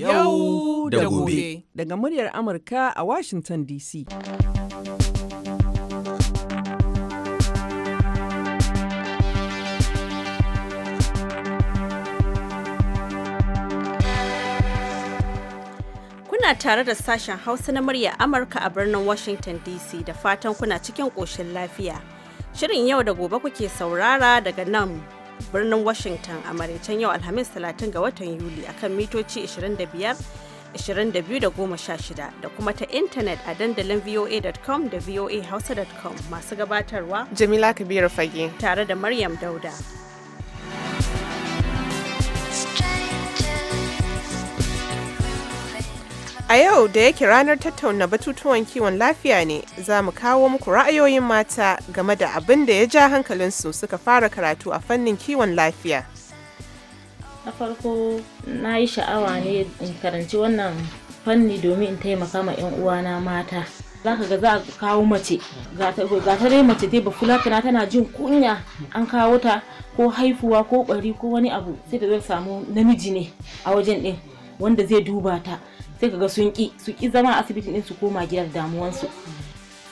yau da gobe daga muryar Amurka a Washington DC. Kuna tare da sashen Hausa na muryar Amurka a birnin Washington DC da fatan kuna cikin ƙoshin lafiya. Shirin yau da gobe kuke saurara daga nan birnin Washington a maraicen yau Alhamis 30 ga watan Yuli akan mitoci 25 22 da kuma ta intanet a dandalin voa.com da voahausa.com masu gabatarwa Jamila Kabiru Fage tare da Maryam Dauda. A yau da yake ranar tattauna batutuwan kiwon lafiya ne, za mu kawo muku ra'ayoyin mata game da abin da ya ja hankalinsu suka fara karatu a fannin kiwon lafiya. Na farko na yi sha'awa ne in karanci wannan fanni domin in taimaka ma 'yan uwana mata. Za ka ga za a kawo mace, ga ta dai mace dai ba fulatana tana jin kunya an kawo ta ko haifuwa ko ko wani abu sai da zai samu namiji ne a wajen ɗin wanda zai duba ta. sai kaga sun ki su ki zama asibitin din su koma gida da damuwansu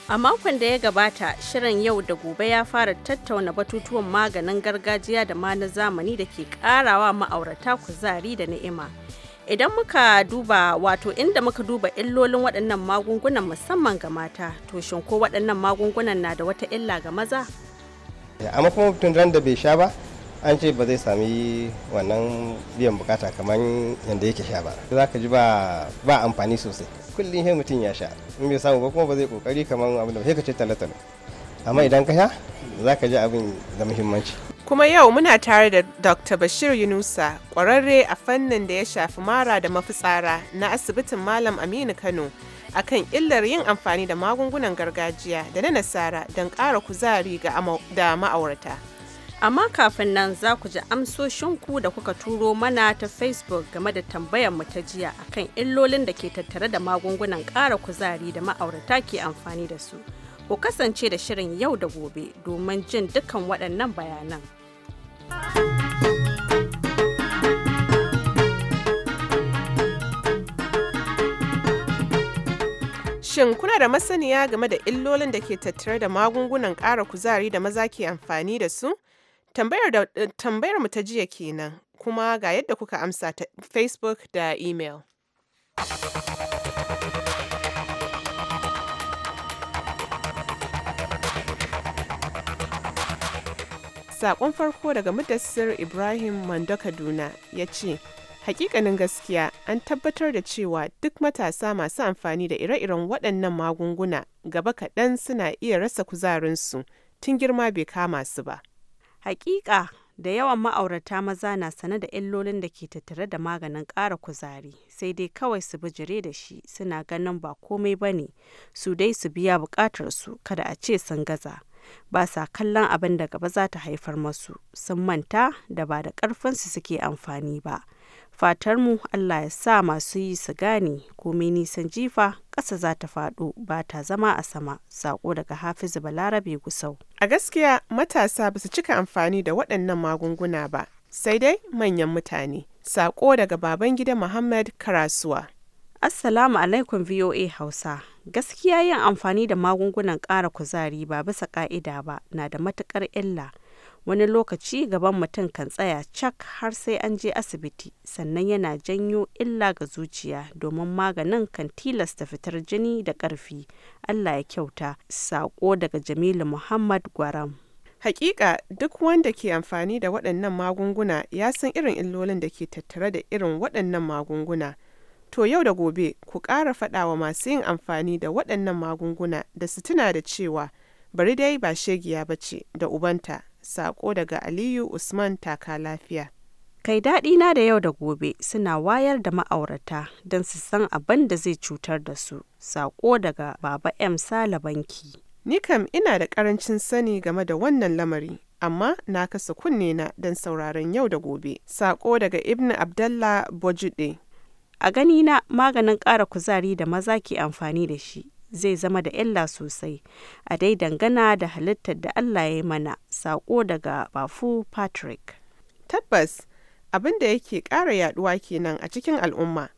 a makon da ya gabata shirin yau da gobe ya fara tattauna batutuwan maganin gargajiya da ma na zamani da ke karawa ma'aurata kuzari da ni'ima idan muka duba wato inda muka duba illolin waɗannan magungunan musamman ga mata to shin ko waɗannan magungunan na da wata illa ga maza amma kuma ran da bai sha ba an ce ba zai sami wannan biyan bukata kamar yadda yake sha ba za ka ji ba ba amfani sosai kullum sai mutum ya sha in bai samu ba kuma ba zai kokari kamar abin da ka ce talatalo amma idan ka sha za ka ji abin da muhimmanci kuma yau muna tare da dr bashir yunusa kwararre a fannin da ya shafi mara da mafitsara na asibitin malam aminu kano akan illar yin amfani da magungunan gargajiya da na nasara don ƙara kuzari ga da ma'aurata Amma kafin nan za ku ji amsoshinku da kuka turo mana ta Facebook game da tambayar mu ta jiya akan illolin da ke tattare da magungunan ƙara kuzari da ma'aurata ke amfani da su. Ku kasance da shirin yau da gobe domin jin dukkan waɗannan bayanan. Shin kuna da masaniya game da illolin da ke tattare da magungunan ƙara kuzari da maza ke amfani da su? Tambayar, da, eh, tambayar mu ta jiya kenan kuma ga yadda kuka amsa ta Facebook da email. saƙon farko daga Mudassir Ibrahim Mando Kaduna ya ce, Hakikanin gaskiya an tabbatar da cewa duk matasa masu amfani da ire-iren waɗannan magunguna gaba kaɗan suna iya rasa kuzarinsu tun girma bai kama su ba. Hakika da yawan ma'aurata maza na sane da illolin da ke tattare da maganin ƙara kuzari, sai dai kawai su bijire da shi, suna ganin ba komai ba ne, su dai su biya su kada a ce sun gaza. Ba sa kallon abin da gaba za ta haifar masu, sun manta da ba da ƙarfinsu suke amfani ba. fatarmu Allah ya sa masu yi su gane komai nisan jifa ƙasa za ta faɗo ba ta zama a sama saƙo daga hafizu balarabe gusau a gaskiya matasa ba su cika amfani da waɗannan magunguna ba sai dai manyan mutane saƙo daga baban gida muhammad karasuwa assalamu alaikum voa hausa gaskiya yin amfani da magungunan ƙara kuzari ba bisa ƙa'ida ba na da matuƙar illa wani lokaci gaban mutum kan tsaya cak har sai an je asibiti sannan yana janyo illa ga zuciya domin maganin kan tilasta fitar jini da ƙarfi allah ya kyauta saƙo daga jamilu muhammad gwaram Hakika duk wanda ke amfani da waɗannan magunguna ya san irin illolin da ke tattare da irin waɗannan magunguna. To yau da gobe ku ƙara wa masu yin amfani da waɗannan magunguna da su tuna da cewa bari dai ba shegiya ba ce da ubanta Sako daga Aliyu Usman taka lafiya. Kai daɗi na da yau da gobe suna wayar da ma'aurata don su san abin da zai cutar da su. Sako daga Baba M Sala Banki. Ni kam ina da ƙarancin sani game da wannan lamari, amma na kasa kunne na don sauraron yau da gobe. Sako daga Ibn Abdallah Bojude. A ganina maganin ƙara kuzari da maza ke amfani da shi zai zama da illa sosai a dai dangana da halittar da Allah ya mana saƙo daga bafu Patrick. Tabbas abin da yake ƙara yaduwa kenan a cikin al'umma.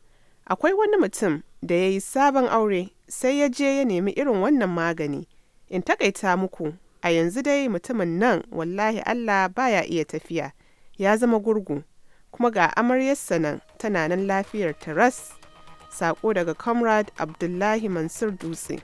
Akwai wani mutum da ya yi sabon aure sai ya je ya nemi irin wannan magani. In takaita muku a yanzu dai mutumin nan wallahi Allah baya iya tafiya ya zama gurgu kuma ga amaryarsa nan tana nan lafiyar ta Sako daga Comrade Abdullahi Mansur Dutse.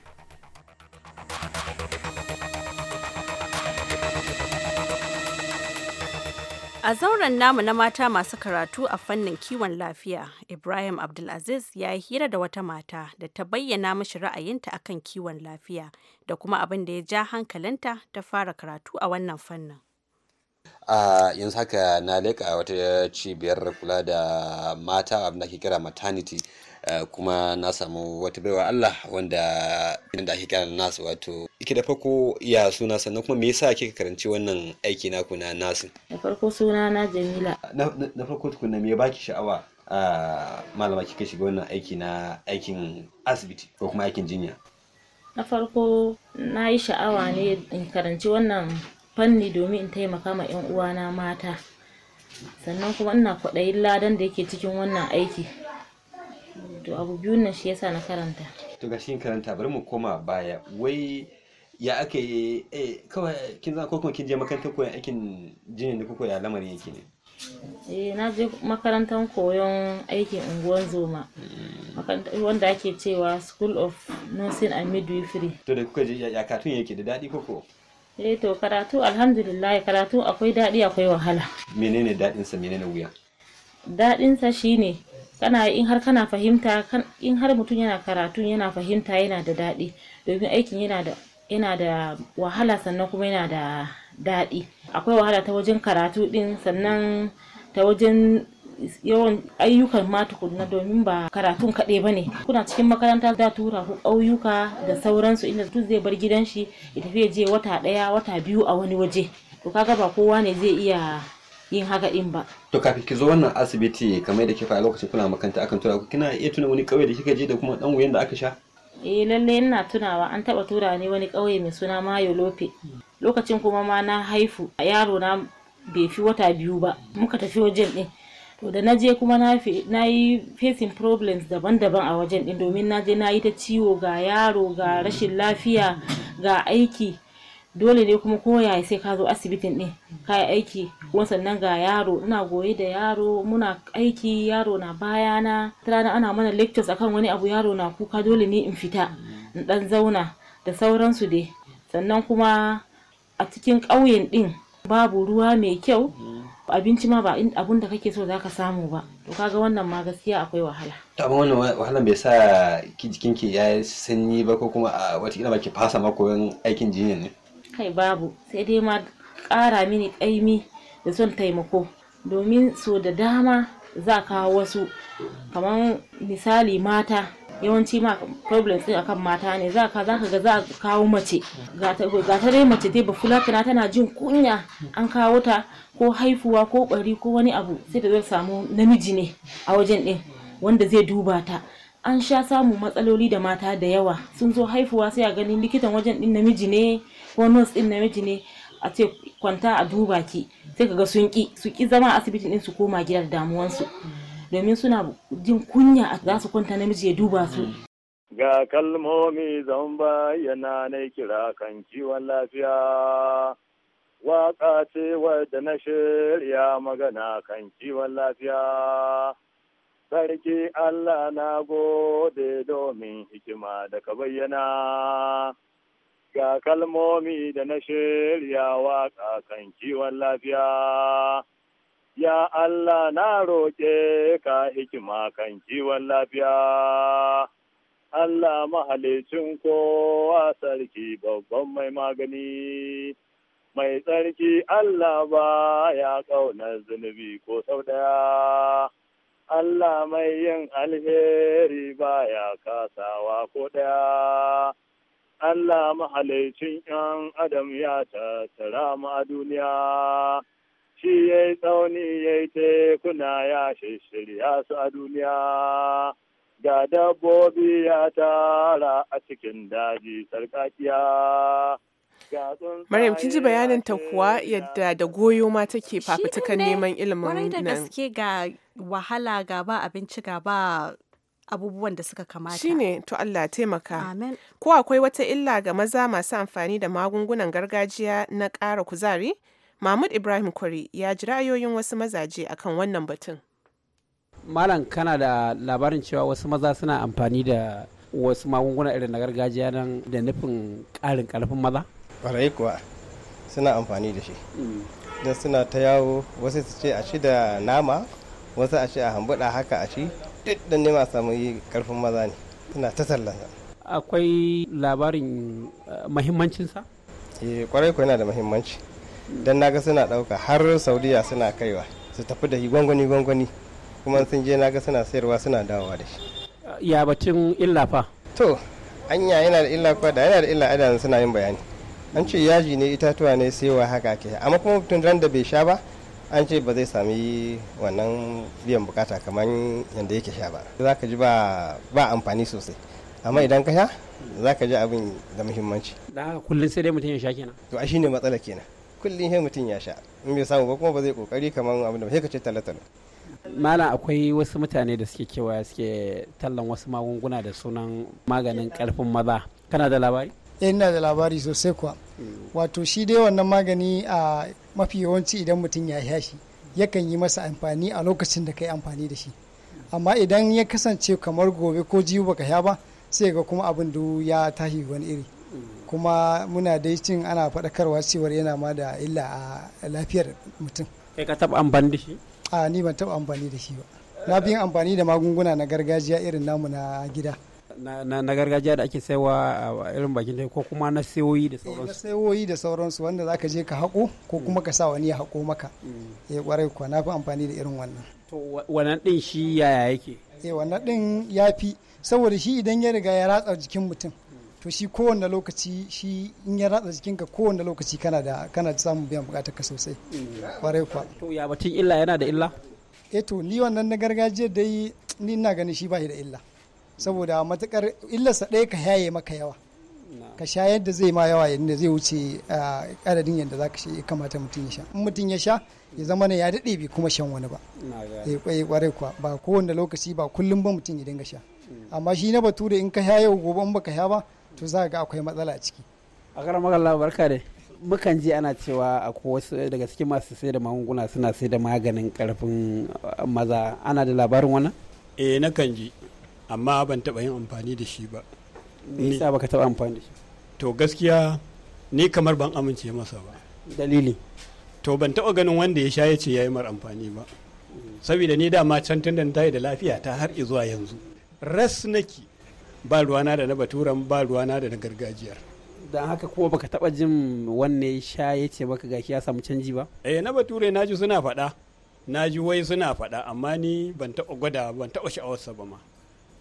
A zauren namu na mata masu karatu a fannin kiwon lafiya, Ibrahim Abdulaziz ya yi hira da wata mata da ta bayyana mashi ra'ayinta akan kiwon lafiya da kuma abin da ya ja hankalinta ta fara karatu a wannan fannin. Uh, yanzu haka na leƙa wata cibiyar kula da mata abin da ke kira maternity Eh, kuma na samu wata baiwa Allah wanda inda ake kira nasu wato ike da farko ya suna sannan kuma me yasa ake karanci wannan aiki ku na nasu da farko suna na Jamila na farko na me baki sha'awa a ah, malama kika shiga wannan aiki na aikin asibiti ko kuma aikin jinya na farko na yi sha'awa ne in karanci wannan fanni domin in taimaka ma 'yan uwana mata sannan kuma ina kwaɗayin ladan da yake cikin wannan aiki to abu biyun nan shi yasa na karanta to ga shi karanta bari mu koma baya wai ya aka yi eh kawai kin ko kuma kin je makarantar koyon aikin jinin da kuka ya lamarin yake ne eh na je makarantar koyon aikin unguwar zoma mm. wanda ake cewa school of nursing and midwifery to da kuka je ya katun yake da daɗi koko eh to karatu alhamdulillah karatu akwai daɗi akwai wahala menene daɗinsa menene wuya daɗinsa shine kana in har kana fahimta in har mutum yana karatu yana fahimta yana da daɗi domin aikin yana da wahala sannan kuma yana da daɗi akwai wahala ta wajen karatu ɗin sannan ta wajen yawan ayyukan ma tukunna domin ba karatun kaɗai ba ne kuna cikin makaranta za tura ku ƙauyuka da sauransu inda tun zai bar gidan shi ya tafi je wata ɗaya wata biyu a wani waje to kaga ba kowa ne zai iya yin haka din ba to kafin ki zo wannan asibiti kamar yadda kika a lokacin kuna makaranta akan tura ku kina iya tuna wani kauye da kika je da kuma dan wuyan da aka sha eh lalle ina tunawa an taba tura ni wani kauye mai suna Mayo Lope lokacin kuma ma na haifu a yaro na bai fi wata biyu ba muka tafi wajen din to da na je kuma na yi facing problems daban-daban a wajen din domin na je na yi ta ciwo ga yaro ga rashin lafiya ga aiki dole ne kuma koya sai ka zo asibitin din ka aiki kuma sannan ga yaro ina goye da yaro muna aiki yaro na bayana rana ana mana lectures akan wani abu yaro na kuka dole ne in fita in dan zauna da sauransu dai sannan kuma a cikin ƙauyen ɗin babu ruwa mai kyau abinci ma ba abun da kake so zaka samu ba to kaga wannan ma gaskiya akwai wahala to amma wannan wahalan bai sa jikin ki ya sanyi ba ko kuma a watakila ba ki fasa makoyin aikin jinya ne kai babu sai dai ma ƙara mini ƙaimi da son taimako domin so da dama za kawo wasu kamar misali mata yawanci ma problems din akan mata ne za ka zaka ga za kawo mace ga ta dai mace dai ba bafulatana tana jin kunya an kawo ta ko haifuwa ko bari ko wani abu sai ta zai samu namiji ne a wajen din wanda zai duba ta an sha samu matsaloli da mata da yawa sun zo haifuwa sai a ganin likitan wajen din namiji ne ko nurse din namiji ne a ce kwanta a duba ki sai kaga sun ki su ki zama asibitin din su koma gida da damuwansu domin suna jin kunya a za su kwanta namiji ya duba su ga kalmomi zan bayyana na kira kan kiwon lafiya waƙa ce wadda na shirya magana kan kiwon lafiya sarki allah na gode domin hikima da ka bayyana ga kalmomi da na shirya waƙa kan kiwon lafiya. Ya Allah na roƙe ka hikima kan kiwon lafiya. Allah mahalicin kowa sarki babban mai magani. Mai tsarki Allah ba ya ƙaunar zunubi ko sau ɗaya. Allah mai yin alheri ba ya kasawa ko ɗaya. Allah mahalicin ‘yan Adam ya tattara mu a duniya, shi ya yi tsauni ya yi tekuna ya shirya su a duniya, ga dabbobi ya tara a cikin daji sarkakiya. Maryam kin ji bayanin ta kuwa yadda da goyo ma take fafutukan neman ilimin nan. da gaske ga wahala ga ba abinci ga ba abubuwan da suka kamata. ne, to Allah taimaka. Amen. Ko akwai wata illa ga maza masu amfani da magungunan gargajiya na ƙara kuzari? Mahmud Ibrahim Kwari ya ji ra'ayoyin wasu mazaje akan wannan batun. Malam kana da labarin cewa wasu maza suna amfani da wasu magunguna irin na gargajiya nan da nufin ƙarin ƙarfin maza? Ƙwarai kuwa suna amfani da shi. Don suna ta yawo wasu su ce a ci da nama, wasu a ce a hambuɗa haka a ci, duk dan nema samu yi karfin maza ne ina ta tallata akwai labarin eh, mahimmancinsa eh kwarai ko yana da mahimmanci dan naga suna dauka har saudiya suna kaiwa su tafi da gwangwani gwangwani kuma sun je naga suna sayarwa suna dawowa da shi ya batun illa fa to anya yana da illa kwa da yana da illa adan suna yin bayani an ce yaji ne itatuwa ne sai wa haka ke amma kuma mutum ran da bai sha ba an ce ba zai sami wannan biyan bukata kamar yadda yake sha ba za ka ji ba amfani sosai amma idan ka sha za ka ji abin da muhimmanci da kullum sai dai mutum ya sha kenan to a shine matsala kenan kullum sai mutum ya sha in bai samu ba kuma ba zai kokari kamar abin da sai ka ce talatalo mala akwai wasu mutane da suke kewaya suke tallan wasu magunguna da sunan maganin karfin maza kana da labari eh, ina da labari sosai kuwa hmm. wato shi dai wannan magani a ah, mafi yawanci idan mutum ya sha shi yakan yi masa amfani a lokacin da ka yi amfani da shi amma idan ya kasance kamar gobe ko jiyo baka sha ba sai ga kuma abin da ya tashi wani iri kuma muna dai cin ana faɗakarwa cewar yana ma da illa a lafiyar mutum kai ka taɓa amfani da shi a ni ban taɓa amfani da shi ba na fi amfani da magunguna na gargajiya irin namu na gida na gargajiya da ake saiwa a irin bakin teku ko kuma na sayoyi da eh, sauransu na sayoyi da sauransu wanda zaka je ka hako ko mm. kuma ka sa wani ya hako maka mm. eh kwarai kuwa na fi amfani da irin wannan to wannan din shi yaya yake eh wannan din ya fi saboda shi idan ya riga ya ratsa jikin mutum mm. to shi kowanne lokaci shi in ya ratsa jikinka kowanne lokaci kana da kana da samun biyan bukatar ka sosai kwarai kuwa to ya batun illa yana da illa eh to ni wannan na gargajiya dai ni ina ganin shi ba da illa saboda matukar illarsa ɗaya ka yaye maka yawa ka sha yadda zai ma yawa yadda zai wuce adadin yadda za ka ya kamata mutum ya sha in mutum ya sha ya zama ne ya daɗe bai kuma shan wani ba ya kwarai eh, kuwa ba kowane lokaci ba kullum ba mutum ya dinga sha hmm. amma shi na batu da in ka yaye yau gobe in baka sha ba to za ga akwai matsala a ciki a karan magana barka ne mukan ji ana cewa akwai wasu daga cikin masu sai da magunguna suna sai da maganin karfin maza ana da labarin wannan eh kan ji amma ban taɓa yin amfani da shi ba ni sa baka taɓa amfani da shi to gaskiya ni kamar ban amince masa ba dalili to ban taɓa ganin wanda ya sha ya ce ya yi mar amfani ba saboda ni dama can tun da ta yi da lafiya ta har zuwa yanzu ras nake ba ruwana da na baturan ba ruwana da na gargajiyar dan haka kuma baka taba jin wanne sha ya ce baka gashi ya samu canji ba eh na bature ji suna faɗa Na ji wai suna faɗa amma ni ban taɓa gwada ban taɓa sha'awarsa ba ma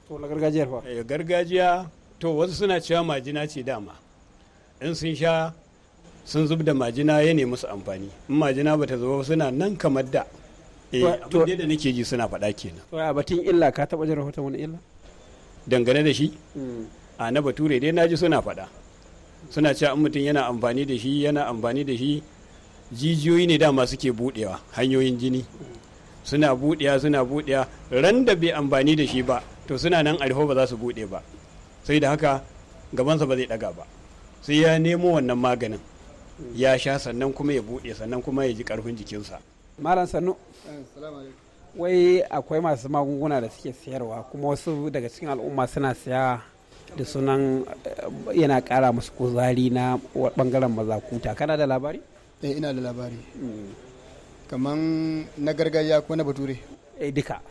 to la gargajiyar fa eh gargajiya to wasu suna cewa majina ce dama in sun sha sun zub da majina ya ne musu amfani in majina bata zo suna nan kamar da eh abin da nake ji suna faɗa kenan to a batun illa ka taɓa jin rahoton wani illa dangane da shi mm. a na bature dai naji suna faɗa suna cewa in mutum yana amfani da shi yana amfani da shi jijiyoyi ne dama suke budewa hanyoyin jini mm. suna budiya suna budiya ran da bai amfani da shi ba to suna nan a ba za su buɗe ba sai da haka gabansa ba zai ɗaga ba sai ya nemo wannan maganin ya sha sannan kuma ya buɗe sannan kuma ya ji ƙarfin jikinsa malam sannu eh, wai akwai masu magunguna da suke sayarwa kuma wasu daga cikin al'umma suna siya da sunan eh, yana kara musu kuzari na bangaren mazakuta kana da labari? eh ina da labari mm. kamar na gargajiya ko na bature eh duka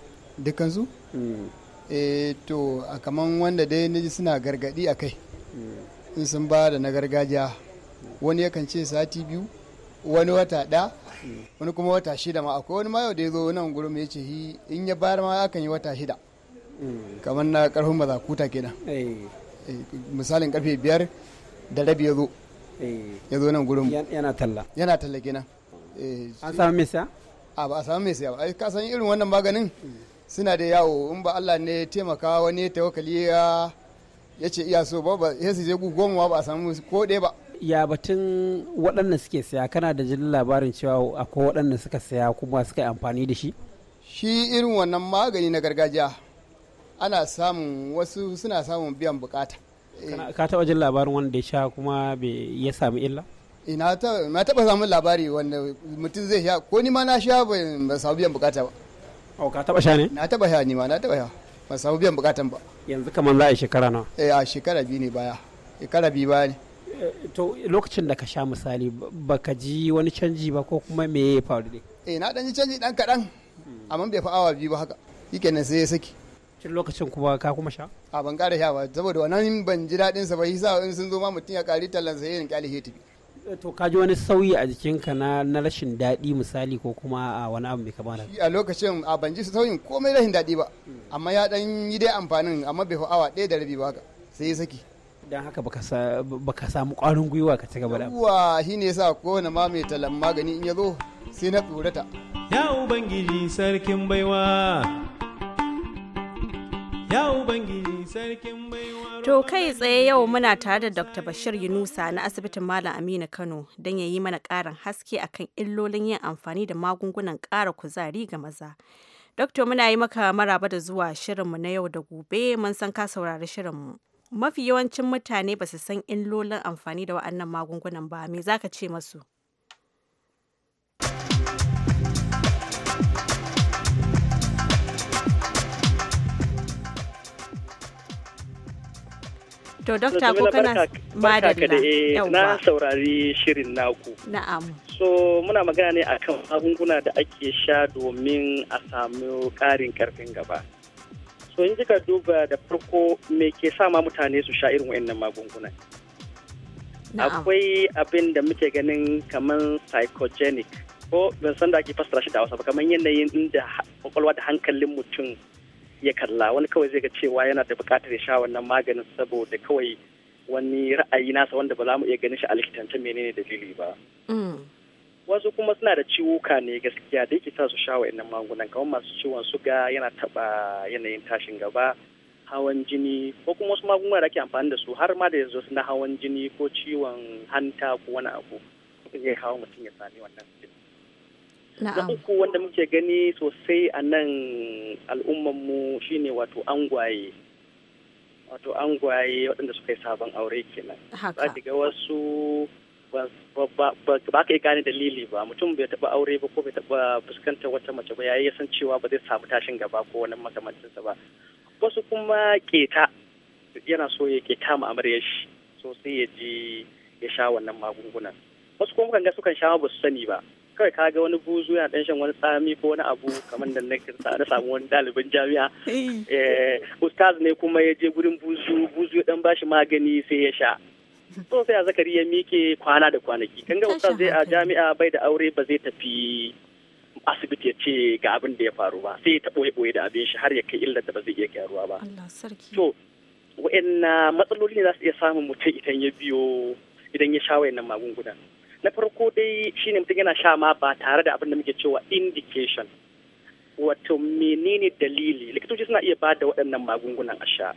dukansu? Mm. eh to a kaman wanda dai na ji suna gargadi a kai in sun ba da na gargajiya wani yakan ce sati biyu wani wata da wani kuma wata shida ma akwai wani mayo da ya zo nan gurin ya ce in ya bayar ma akan yi wata shida kamar na karfin mazakuta kenan eh. Eh, misalin karfe biyar da rabi ya zo eh. ya zo nan gurin yana talla yana talla kenan an samu mai a ba a samu mai ba ai ka san irin wannan maganin hmm. suna da yawo in ba Allah ne taimaka wani tawakkali ya ya ce iya so ba ba sai su je goma ba a samu ko ɗaya ba ya batun waɗanda suke saya kana da jin labarin cewa akwai waɗanda suka saya kuma suka yi amfani da shi shi irin wannan magani na gargajiya ana samun wasu suna samun biyan bukata ka taɓa jin labarin wanda ya sha kuma ya sami illa ina taɓa samun labari wanda mutum zai sha ko ni ma na sha ba samu biyan bukata ba Oh, ka taba sha ne na taba sha ni ma na taba sha ban samu biyan bukatan ba yanzu kamar za a yi shekara na eh a shekara biyu ne baya shekara biyu baya ne eh, to lokacin da ka sha misali baka ji wani canji ba ko kuma me ya faru dai eh na ɗan ji canji ɗan kaɗan. amma bai fa awa biyu ba haka kenan sai ya saki Cin lokacin kuma ka kuma sha a ban ƙara sha ba saboda wannan ban ji daɗin sa ba sa in sun zo ma mutum ya ƙari tallan sai yin kyale hetibi to ka ji wani sauyi a jikinka na na rashin daɗi misali ko kuma a wani abu mai kama da a lokacin a ban ji sauyin komai rashin daɗi ba amma ya dan yi dai amfanin amma bai awa ɗaya da rabi ba haka sai saki dan haka baka samu ƙwarin gwiwa ka ci gaba da shi ne yasa na ma mai talan magani in ya zo sai na tsorata ya ubangiji sarkin baiwa Ya To kai tsaye yau muna tare da Dr. Bashir Yunusa na asibitin Malam Aminu Kano don ya yi mana ƙarin haske akan illolin yin amfani da magungunan ƙara kuzari ga maza. Dokta muna yi maka maraba da zuwa shirinmu na yau da gobe mun san ka saurari shirinmu. Mafi yawancin mutane ba su san illolin amfani da wa'annan magungunan ba me zaka ce masu? To dokta ko kana madalla. Na saurari shirin naku. Na'am. So muna magana ne akan magunguna da ake sha domin a samu ƙarin karfin gaba. So in kika duba da farko me ke sa ma mutane su sha irin waɗannan magunguna. Akwai abin da muke ganin kamar psychogenic ko ban san da ake fassara shi da Hausa ba kamar yanayin inda kwakwalwa da hankalin mutum ya kalla wani kawai zai ga cewa yana da buƙatar ya sha wannan maganin saboda kawai wani ra'ayi nasa wanda ba za mu iya ganin shi a likitance menene dalili ba. Mm. Wasu kuma suna da ciwuka ne gaskiya da yake sa su sha wa'annan magungunan kamar masu ciwon suga yana taɓa yanayin tashin gaba hawan jini ko kuma wasu magunguna da ake amfani da su har ma da yanzu suna hawan jini ko ciwon hanta ko wani abu. Zai kawo mutum ya sami wannan na uku wanda muke gani sosai a nan al'ummanmu shine wato angwaye wato angwaye waɗanda suka yi sabon aure kenan haka za ga wasu ba ka yi gane dalili ba mutum bai taɓa aure ba ko bai taɓa fuskantar wata mace ba yayi ya san cewa ba zai samu tashin gaba ko wani makamancinsa ba wasu kuma keta yana so ya keta ma amarya shi sosai ya ji ya sha wannan magungunan wasu kuma kan ga sukan sha ba su sani ba kawai ka ga wani buzu yana dan shan wani tsami ko wani abu kamar da na na samu wani dalibin jami'a eh. Eh, ustaz ne kuma ya je gurin buzu buzu ya dan bashi magani sai ya sha So sai a zakari ya mike kwana da kwanaki kan ga ustaz zai a jami'a bai da aure ba zai tafi asibiti ya ce ga abin da ya faru ba sai ya boye ɓoye da abin shi har ya kai illar da ba zai iya gyaruwa ba to wa'anna matsaloli ne za su iya samun mutum idan ya biyo idan ya sha wa'in magunguna na farko dai shine mutum yana sha ma ba tare da abin da muke cewa indication wato menene dalili likitoci suna iya ba da waɗannan magungunan a sha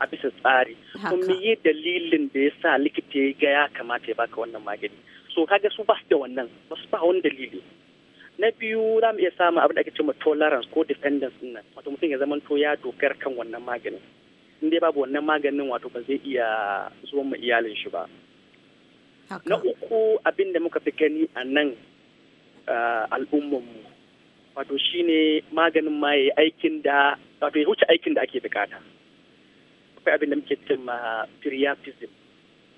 a bisa tsari kuma yi dalilin da ya sa likita ya ga ya kamata ya baka wannan magani so kaga su ba su da wannan ba su ba wani dalili na biyu za mu iya samun abin da ake cewa tolerance ko dependence nan wato mutum ya zamanto ya dokar kan wannan maganin in dai babu wannan maganin wato ba zai iya zuwa ma iyalin shi ba Na uku abin da muka fi gani a nan al'ummanmu wato shi ne maganin ma ya aikin da wato ya wuce aikin da ake bukata. Akwai abin da muke cin ma priapism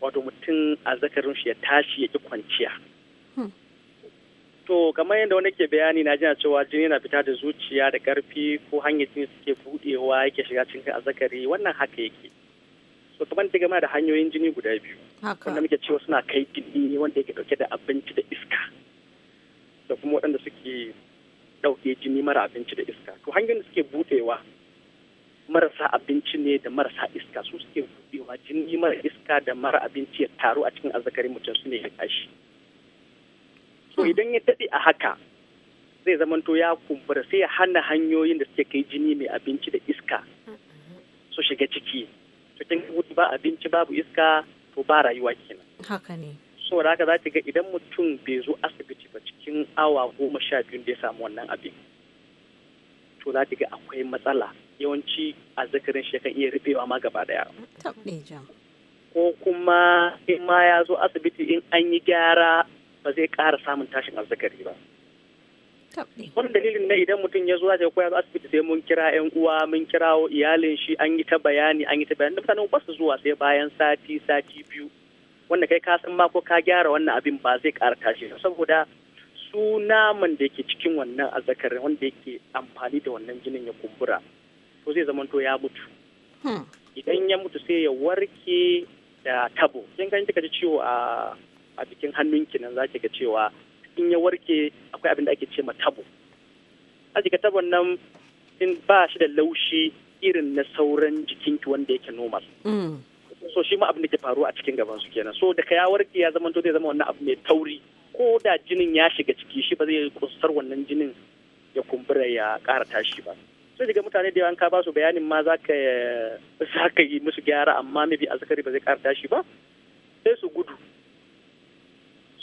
wato mutum a zakarin shi ya tashi ya ki kwanciya. Hmm. To kamar yadda wani ke bayani na jina cewa jini yana fita da zuciya da karfi ko hanyar jini suke buɗewa yake shiga cikin azzakari wannan haka yake. So kamar gama da hanyoyin jini guda biyu. wanda muke cewa suna kai ne wanda yake dauke da abinci da iska da kuma waɗanda suke dauke jini mara abinci da iska to hanyar da suke buɗewa marasa abinci ne da marasa iska su suke budewa jini mara iska da mara abinci ya taru a cikin azzakarin mutum su ne ya tashi so hmm. idan ya daɗe a haka zai zamanto ya kumbura sai ya hana hanyoyin da suke kai jini mai abinci da iska hmm. su shiga ciki cikin ba abinci babu iska to ba rayuwa kenan haka ne da haka za ki ga idan mutum bai zo asibiti ba cikin awa goma sha biyu da ya samu wannan abin to za ki ga akwai matsala yawanci zakarin shi yakan iya rufewa ma gaba daya ko kuma in ma ya zo asibiti in an yi gyara ba zai ƙara samun tashin azzakari ba wani dalilin na idan mutum ya zuwa ya koya asibiti sai mun kira yan uwa mun kirawo iyalin shi an yi ta bayani an yi ta bayani mutanen ba su zuwa sai bayan sati sati biyu wanda kai ka san ma ka gyara wannan abin ba zai ƙara tashi saboda su naman da yake cikin wannan azzakar wanda yake amfani da wannan jinin ya kumbura to zai zamanto ya mutu hmm. idan ya mutu sai ya warke da tabo kin ga kika ji ciwo a a jikin hannun ki nan zaki ga cewa in ya warke akwai abin da ake ce ma tabo jika tabon nan in ba shi da laushi irin na sauran jikinki wanda yake normal mm. so shi ma abin da ke faruwa a cikin gaban su kenan so da ya warke ya zama to zai zama wannan abu mai tauri ko da jinin ya shiga ciki shi ba zai kusar wannan jinin ya kumbura ya ƙara tashi ba sai daga mutane da yawan ka ba su bayanin ma za ka yi musu gyara amma mabi azzakari ba zai ƙara tashi ba sai su gudu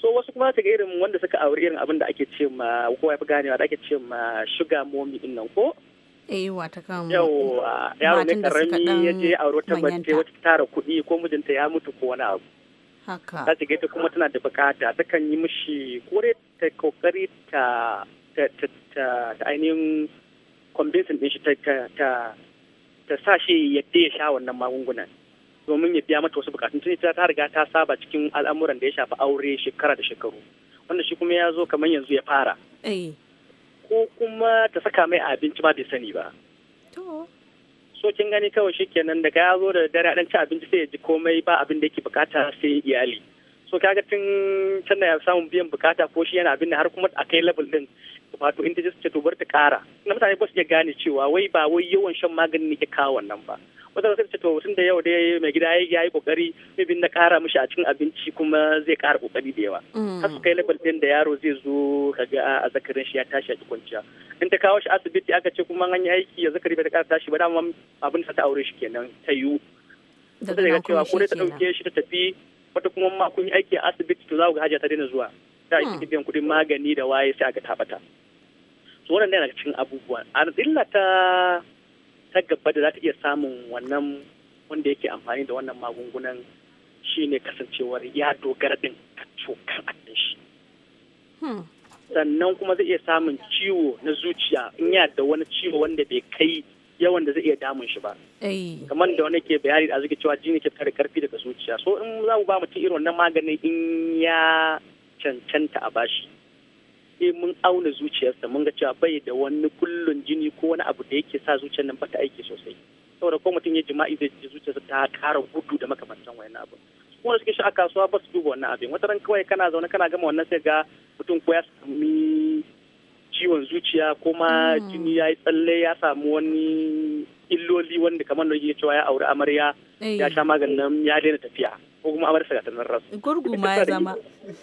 so wasu kuma ta ga irin wanda suka auri irin abin da ake ce ma kowa ya fi ganewa da ake ce ma shuga momi din nan ko eh wata kan yawa yaro ne karami ya je auro ta bace wata tara kuɗi ko mijinta ya mutu ko wani abu haka ta kuma tana da bukata takan yi mishi kore ta kokari ta ta ta ainihin convincing din shi ta ta ta sa shi ya sha wannan magungunan domin ya biya mata wasu bukatun tun ta riga ta saba cikin al'amuran da ya shafi aure shekara da shekaru wanda shi kuma ya zo kamar yanzu ya fara eh. ko kuma ta saka mai abinci ma bai sani ba so kin gani kawai shikenan daga ya zo da dare dan ci abinci sai ya ji komai ba abin da yake bukata sai iyali so kaga tun can ya samun biyan bukata ko shi yana abin har kuma a kai level din wato in ta ce to bar ta kara na mutane ba su iya gane cewa wai ba wai yawan shan magani ne ke kawo wannan ba wata sai ce to tun da yau dai mai gida ya yi kokari bin na kara mishi a cikin abinci kuma zai kara kokari da yawa mm. har su kai level din da yaro zai zo kaga a zakarin shi ya tashi a kwanciya in ta kawo shi asibiti aka ce kuma an yi aiki ya zakari bai ta kara tashi ba dama abin da ta aure shi kenan ta yiwu da daga cewa ko ta dauke shi ta tafi wata kuma ma kun yi aiki a asibiti to za ku ga hajiya ta daina zuwa ta yi mm. biyan kudin magani da waye sai aka tabata su ne a cikin abubuwa a illa ta ta gaba da za ta iya samun wannan wanda yake amfani da wannan magungunan shine kasancewar ya dogara din cokar addin shi hmm. sannan kuma zai iya samun ciwo na zuciya in ya da wani ciwo wanda bai kai yawan da zai iya damun shi ba kamar da wani ke bayani da cewa jini ke tare karfi daga zuciya so in za mu ba mutum irin wannan maganin in ya cancanta a bashi sai mun auna zuciyarsa mun ga cewa bai da wani kullun jini ko wani abu da yake sa zuciyar nan bata aiki sosai saboda ko mutum ya jima'i zai ji zuciyarsa ta kara gudu da makamantan wayannan abu kuma da suke shi a kasuwa ba su duba wannan abin wata ran kawai kana zaune kana gama wannan sai ga mutum ko ya sami ciwon zuciya ko ma hmm. jini ya yi tsalle ya samu wani illoli wanda kamar da ya cewa ya auri amarya ya eh. sha maganin ya daina tafiya ko kuma amar ga tanar rasu gurgu ma ya zama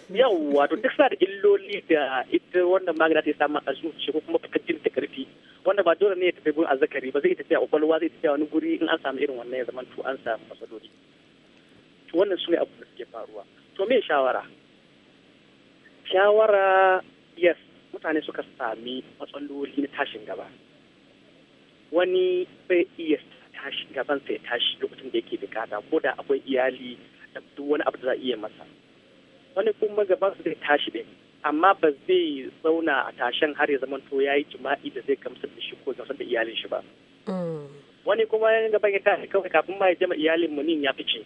Yawwa to duk sa da illoli da ita wanda magana ta yi samu a zuciya ko kuma fitaccen ta karfi wanda ba dole ne ya tafi gun azzakari ba zai tafi a kwakwalwa zai tafi a wani guri in an samu irin wannan ya zama to an samu matsaloli to wannan su ne abu da suke faruwa to me shawara shawara yes mutane suka sami matsaloli na tashin gaba wani bai iya tashi gaban sai tashi lokacin da yake bukata ko da akwai iyali duk wani abu da za a iya masa wani kuma gaban su zai tashi ɗin amma ba zai zauna a tashen har ya zama to ya yi jima'i da zai gamsar da shi ko gamsar da iyalin shi ba mm. wani kuma yan gaban ya tashi kawai kafin ma ya jama iyalin mu ya fice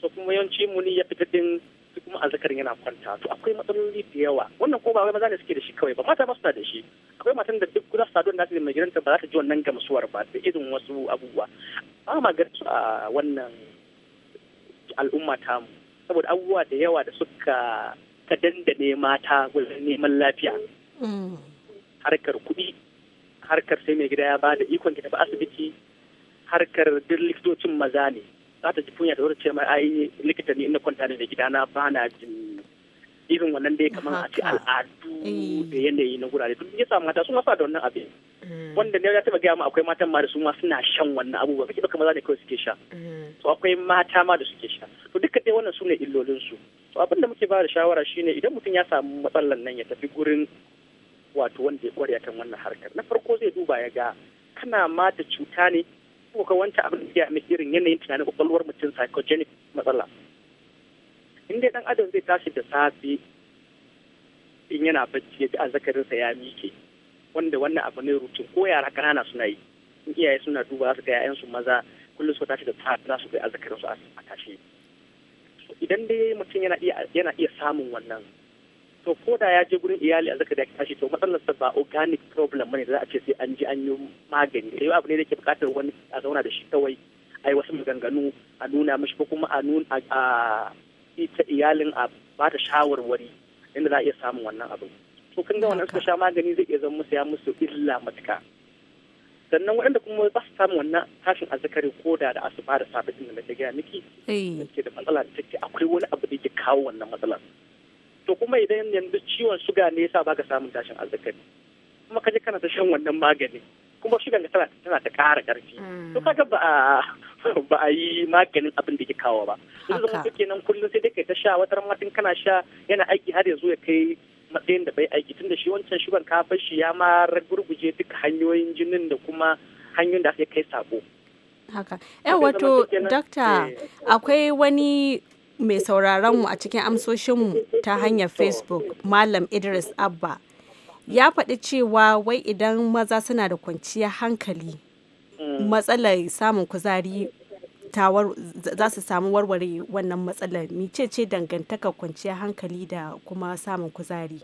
so kuma yawanci mu ya fita din su kuma azzakarin yana kwanta to akwai matsaloli da yawa wannan ko ba wai maza ne suke da shi kawai ba mata ba su da shi akwai matan da duk guda saduwar da da mai gidanta ba za ta ji wannan gamsuwar ba da irin wasu abubuwa ba ma su a wannan al'umma mu saboda abubuwa da yawa da suka ka dandane mata wajen neman lafiya mm. harkar kuɗi harkar sai mai gida ya ba da ikon ki tafi asibiti harkar duk likitocin maza ne za ta ji kunya da wurin ce mai ai likita ne ina kwanta da gida na ba na jin irin wannan dai kamar a ce al'adu eh. da yanayi na gurare duk ya samu mata sun masa da wannan abin Mm. wanda ne ya taba gaya mu akwai matan ma da su ma suna shan wannan abubuwa kake ba maza ne kawai suke sha mm. to akwai mata ma da suke sha to duka dai wannan sune illolin su to abin da muke ba da shawara shine idan mutum ya samu matsalar nan ya tafi gurin wato wanda ya kware kan wannan harkar na farko zai duba ya ga kana ma da cuta ne ko ka wancan abin da ya mai irin yanayin tunanin kwakwalwar mutum psychogenic matsala in dai dan adam zai tashi da safe in yana bacci ya ji azzakarinsa ya mike wanda wannan abu ne rutin ko yara kanana suna yi in iyaye suna duba su ga su maza kullum su tashi da ta za su ga azzakarin su a tashi idan dai mutum yana iya yana iya samun wannan to ko da ya je gurin iyali azzakari ya tashi to matsalar sa ba organic problem ne da za a ce sai an ji an yi magani sai abu ne da ke bukatar wani a zauna da shi kawai ai wasu maganganu a nuna mishi ko kuma a nuna a ita iyalin a ta shawarwari inda za a iya samun wannan abu. su kun ga wannan suka sha magani zai iya zama musu ya musu illa matuka sannan waɗanda kuma ba su samu wannan tashin azzakari ko da da asuba da safe din da gaya miki eh. ke da matsala da take akwai wani abu da yake kawo wannan matsalar to kuma idan yanzu ciwon suga ne yasa baka samun tashin azzakari kuma kaje kana ta shan wannan magani kuma shugan ka tana ta ƙara ƙarfi mm. to kaga ba a ba a yi maganin abin da ke kawo ba yanzu zama kenan kullum sai dai kai ta sha wata ramatin kana sha yana aiki har yanzu ya kai matsayin da bai aiki tunda shi wancan shugan kafin shi ya ma gurguje duka hanyoyin jinin da kuma hanyoyin da aka kai sabo haka yan wato dakta eh. akwai wani mai sauraron mu a cikin amsoshinmu ta hanyar facebook malam idris abba ya faɗi cewa wai idan maza suna da kwanciyar hankali hmm. matsalar samun kuzari za su samu warware wannan matsalar ce dangantaka kwanciyar hankali da kuma samun kuzari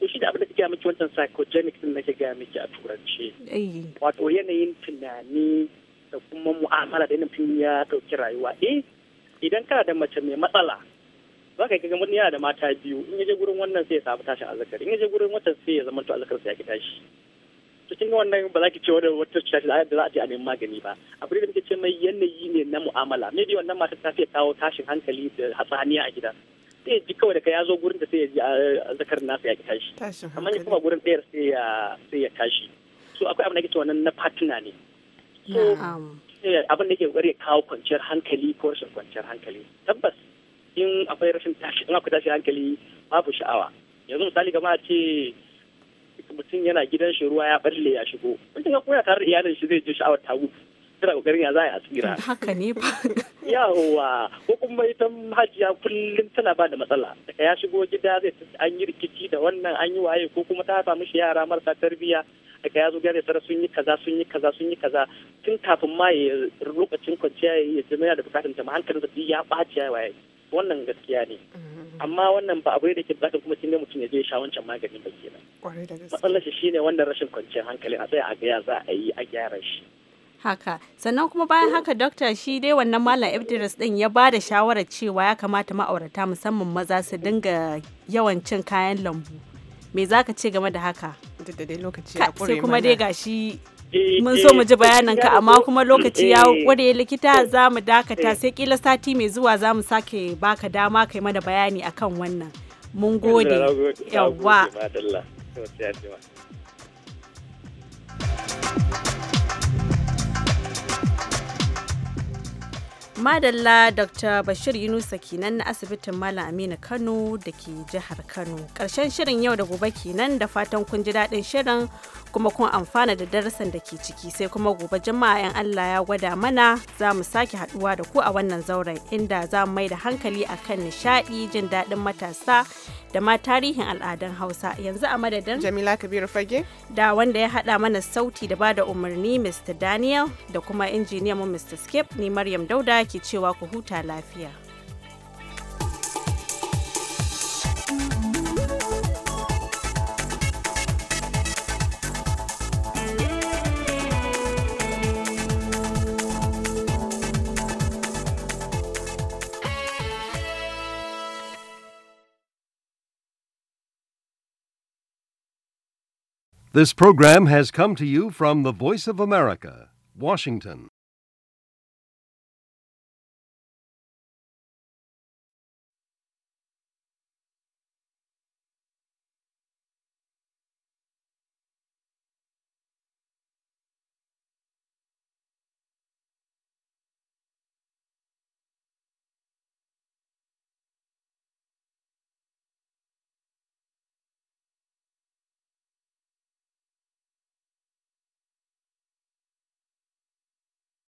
to shi da abin da ka gaya miki wancan psychogenic din nake gaya miki a turance eh. wato yanayin tunani da kuma mu'amala da yanayin ya dauki rayuwa eh idan kana da mace mai matsala za ka ga wani yana da mata biyu in ya je gurin wannan sai ya samu tashin azzakari in ya je gurin wancan sai ya zama to azzakar sai ya ki tashi cikin wannan ba za ki ce wata cuta da za a je a nemi magani ba abu da muke ce mai yanayi ne na mu'amala bi wannan mata ta fiye kawo tashin hankali da hatsaniya a gida sai ji kawai daga ya zo gurin da sai ya ji zakar nasa ya ki tashi amma ya kuma gurin ɗayar sai ya tashi so akwai abin da ke wannan na partner ne so eh, abin da ke kokari kawo kwanciyar hankali ko rashin kwanciyar hankali tabbas in akwai rashin tashi in akwai tashi hankali babu sha'awa yanzu misali gama ce mutum yana gidan shi ruwa ya barle ya shigo mutum ga koya tare iyalin shi zai je sha'awar wata gudu kira kokarin ya za a asira haka ne ba yawa ko kuma ita hajiya kullum tana ba da matsala daga ya shigo gida zai an yi rikici da wannan an yi waye ko kuma ta haifa mishi yara marasa tarbiyya daga ya zo gare tara sun yi kaza sun yi kaza sun yi kaza tun kafin ma ya lokacin kwanciya ya zama yana da bukatun jama'a hankalin da ya ɓaci ya waye wannan gaskiya ne mm-hmm. amma wannan ba abu da ke bukatar kuma sai mutum ya je sha wancan maganin ba ke nan matsalar shi shine wannan rashin kwanciyar hankali a tsaya a ga za a yi a gyara shi haka sannan kuma bayan eh. haka dokta shi dai wannan malam Idris din ya bada da shawarar cewa ya kamata ma'aurata musamman maza su dinga yawan cin kayan lambu me za ka ce game da haka sai kuma dai gashi Eh, mun so mu eh, ji bayanan ka amma kuma lokaci ya ya eh. likita za mu dakata sai kila sati mai zuwa za mu sake baka dama kai mana bayani akan wannan mun gode yawwa Madalla Dr. Bashir Yunusa kenan na asibitin Malam Aminu Kano da ke jihar Kano. Karshen shirin yau da gobe kenan da fatan kun ji daɗin shirin kuma kun amfana da darasin da ke ciki sai kuma gobe jama'a 'yan Allah ya gwada mana za mu sake haɗuwa da ku a wannan zauren inda za mu mai da hankali akan nishaɗi jin daɗin matasa da ma tarihin al'adun Hausa yanzu a madadin Jamila Kabiru Fage da wanda ya haɗa mana sauti da bada umarni Mr. Daniel da kuma injiniyan mu Mr. Skip ni Maryam Dauda cewa ku huta lafiya. This program has come to you from the Voice of America, Washington.